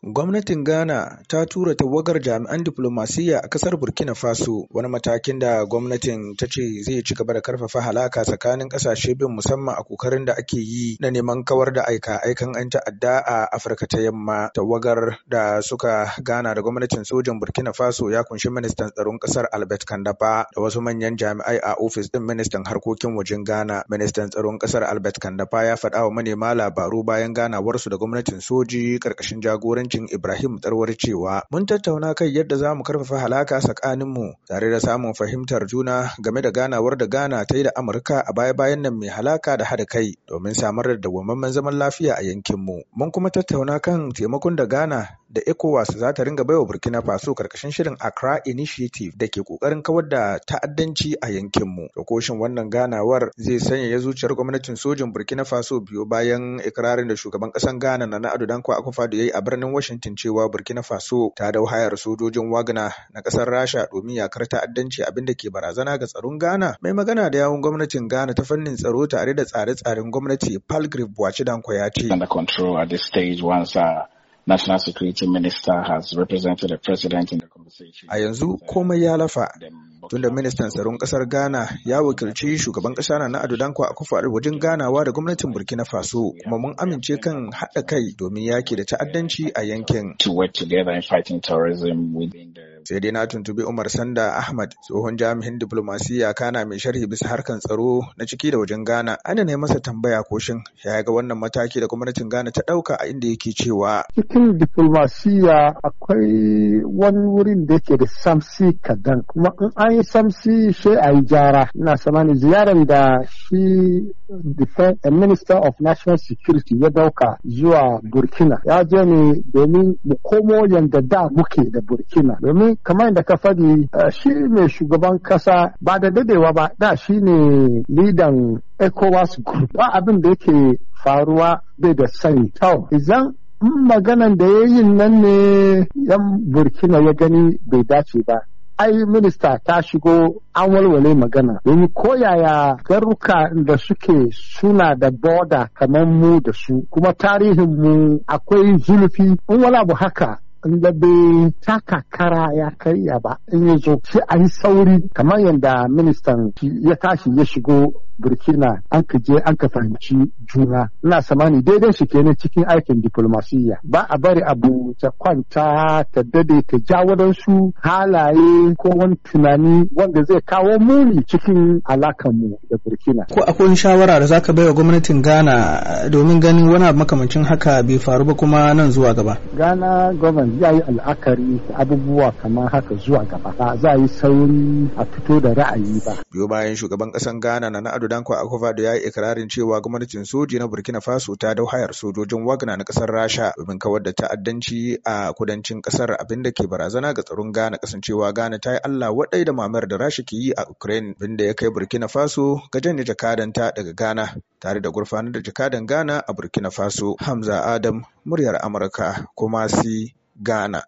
Gwamnatin Ghana ta tura tawagar jami'an diflomasiyya a ƙasar Burkina Faso, wani matakin da gwamnatin ta ce zai ci gaba da karfafa halaka tsakanin ƙasashe bin musamman a kokarin da ake yi na neman kawar da aika-aikan 'yan ta'adda a Afirka ta Yamma. Tawagar da suka gana da gwamnatin sojin Burkina Faso ya kunshi ministan tsaron Kasar Albert Kandaba da wasu manyan jami'ai a ofis ɗin ministan harkokin wajen Ghana. Ministan tsaron Kasar Albert Kandaba ya faɗa wa manema labaru bayan ganawarsu da gwamnatin soji ƙarƙashin jagorancin mijin Ibrahim Tarwar cewa mun tattauna kan yadda za mu karfafa halaka tsakaninmu tare da samun fahimtar juna game da ganawar da Ghana ta yi da Amurka a baya-bayan nan mai halaka da haɗa kai domin samar da dawwammamen zaman lafiya a yankinmu. Mun kuma tattauna kan taimakon da Ghana da ECOWAS za ta ringa baiwa Burkina Faso karkashin shirin Accra Initiative da ke kokarin kawar da ta'addanci a yankinmu. Rokoshin wannan ganawar zai sanya ya zuciyar gwamnatin sojin Burkina Faso biyo bayan ikirarin da shugaban ƙasar Ghana na Ado Danko Akufo-Addo ya yi a birnin Washington cewa Burkina Faso ta dau hayar sojojin Wagner na ƙasar Rasha domin yakar ta'addanci abin da ke barazana ga tsaron Ghana. Mai magana da yawun gwamnatin Ghana ta fannin tsaro tare da tsare-tsaren gwamnati Palgrave Bwachidanko ya ce. control at stage once uh, National Security Minister has represented the President in the conversation. A yanzu uh, komai ya lafa tunda ministan tsaron kasar Ghana ya wakilci shugaban kasa na Ado Danko akufo wajen ganawa da gwamnatin Burkina Faso kuma mun amince kan haɗa kai domin yaki da ta'addanci a yankin. To work together in fighting terrorism within the sai dai na tuntubi Umar Sanda Ahmad tsohon jami'in diplomasiya kana mai sharhi bisa harkan tsaro na ciki da wajen Ghana ana ne masa tambaya ko shin ya ga wannan mataki da gwamnatin Ghana ta ɗauka a inda yake cewa cikin diplomasiya akwai wani wurin da yake da samsi kadan kuma in an yi samsi sai a yi jara ina samani ziyarar da shi defense minister of national security ya dauka zuwa burkina ya je ne domin mu komo yanda da muke da burkina domin kamar yadda ka faɗi eh, shi mai shugaban kasa ba da dadewa ba da shi ne lidan ecowas group ba abin da yake faruwa bai da sani tau izan maganan da ya yi nan ne yan burkina ya gani bai dace ba ai minista ta shigo an walwale magana domin koyaya garuka da suke suna da boda kamar mu da su kuma tarihin mu akwai zulufi in wani abu haka inda bai taka kara ya karya ba in yi zo sai a yi sauri kamar yadda ministan ya tashi ya shigo burkina an ka je an ka fahimci juna ina samani daidai shi kenan cikin aikin diplomasiya ba a bari abu ta kwanta ta dade ta ja wadansu halaye ko wani tunani wanda zai kawo muni cikin alakanmu da burkina ko akwai shawara da zaka bai wa gwamnatin ghana domin ganin wani abu makamancin haka bai faru ba kuma nan zuwa gaba ghana gwamnati ya yi al'akari da abubuwa kamar haka zuwa gaba ba za a yi sauri a fito da ra'ayi ba biyo bayan shugaban ƙasan ghana na na'adu Gidan Akufo-Addo ya yi ikirarin cewa gwamnatin soji na Burkina Faso ta dau hayar sojojin Wagner na kasar Rasha domin kawar da ta'addanci a kudancin kasar abin da ke barazana ga tsaron Ghana kasancewa Ghana ta yi Allah wadai da mamayar da Rasha ke yi a Ukraine abin ya kai Burkina Faso ga janye jakadanta daga Ghana tare da gurfanar da jakadan Ghana a Burkina Faso. Hamza Adam, muryar Amurka, kuma si Ghana.